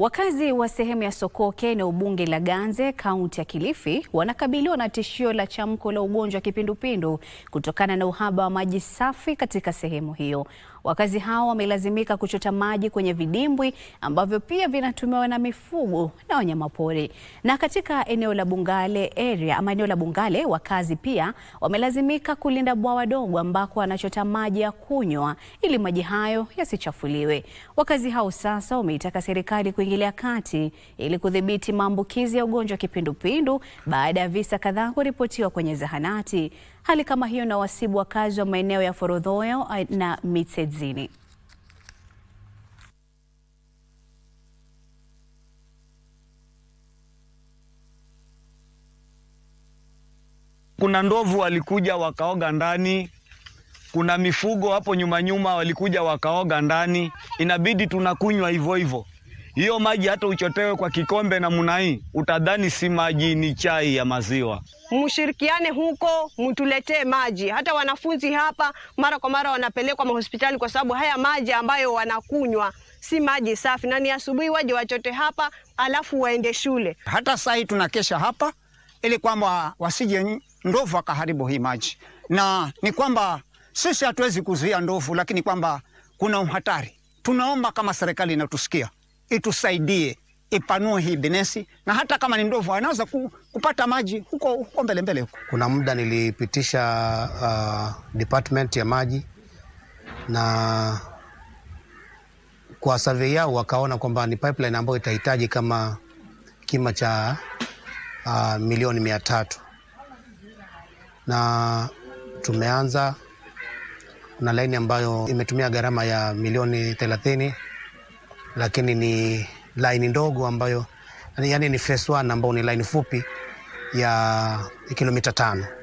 Wakazi wa sehemu ya Sokoke na ubunge la Ganze kaunti ya Kilifi wanakabiliwa na tishio la chamko la ugonjwa wa kipindupindu kutokana na uhaba wa maji safi katika sehemu hiyo. Wakazi hao wamelazimika kuchota maji kwenye vidimbwi ambavyo pia vinatumiwa na mifugo na wanyamapori. Na katika eneo la Bungale area ama eneo la Bungale, wakazi pia wamelazimika kulinda bwawa dogo ambako wanachota maji ya kunywa ili maji hayo yasichafuliwe. Wakazi hao sasa wameitaka serikali kuingilia kati ili kudhibiti maambukizi ya ugonjwa kipindupindu baada ya visa kadhaa kuripotiwa kwenye zahanati. Hali kama hiyo na wasibu wakazi wa maeneo ya Forodhoyo eh, na Mitse Medzini. Kuna ndovu walikuja wakaoga ndani, kuna mifugo hapo nyuma nyuma walikuja wakaoga ndani, inabidi tunakunywa hivyo hivyo hiyo maji hata uchotewe kwa kikombe na munai, utadhani si maji, ni chai ya maziwa. Mshirikiane huko, mtuletee maji. Hata wanafunzi hapa mara kwa mara wanapelekwa mahospitali kwa sababu haya maji ambayo wanakunywa si maji safi, na ni asubuhi waje wachote hapa alafu waende shule. Hata saa hii tunakesha hapa ili kwamba wasije ndovu akaharibu hii maji, na ni kwamba sisi hatuwezi kuzuia ndovu, lakini kwamba kuna uhatari. Tunaomba kama serikali inatusikia itusaidie ipanue hii binesi, na hata kama ni ndovu anaweza kupata maji huko huko mbele mbele huko. Kuna muda nilipitisha uh, department ya maji na kwa survey yao wakaona kwamba ni pipeline ambayo itahitaji kama kima cha uh, milioni mia tatu na tumeanza na laini ambayo imetumia gharama ya milioni thelathini lakini ni laini ndogo ambayo yani ni phase one ambayo ni laini fupi ya kilomita tano.